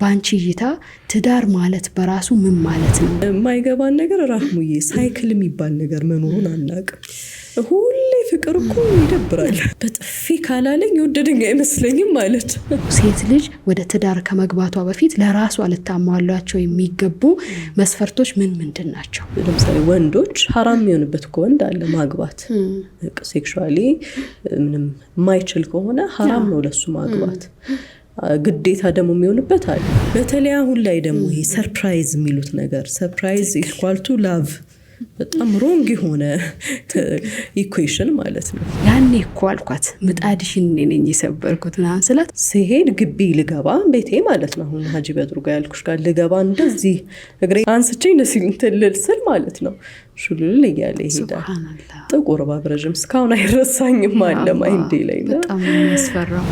በአንቺ እይታ ትዳር ማለት በራሱ ምን ማለት ነው? የማይገባን ነገር ራህሙዬ፣ ሳይክል የሚባል ነገር መኖሩን አናውቅም። ሁሌ ፍቅር እኮ ይደብራል። በጥፊ ካላለኝ የወደደኝ አይመስለኝም ማለት። ሴት ልጅ ወደ ትዳር ከመግባቷ በፊት ለራሷ ልታሟሏቸው የሚገቡ መስፈርቶች ምን ምንድን ናቸው? ለምሳሌ ወንዶች ሀራም የሚሆንበት ከወንድ አለ ማግባት ሴክሹዋሊ ምንም የማይችል ከሆነ ሀራም ነው ለሱ ማግባት ግዴታ ደግሞ የሚሆንበት አለ። በተለይ አሁን ላይ ደግሞ ይሄ ሰርፕራይዝ የሚሉት ነገር ሰርፕራይዝ ኢኳልቱ ላቭ በጣም ሮንግ የሆነ ኢኩዌሽን ማለት ነው። ያኔ እኮ አልኳት ምጣድሽን ነኝ የሰበርኩት ና ስላት ስሄድ ግቢ ልገባ ቤቴ ማለት ነው አሁን ሀጂ በድሩ ጋ ያልኩሽ ጋር ልገባ እንደዚህ እግሬ አንስቼ ነሲል ትልል ስል ማለት ነው ሹልል እያለ ይሄዳል። ጥቁር ባብረዥም እስካሁን አይረሳኝም አለ ማይንዴ ላይ በጣም ያስፈራው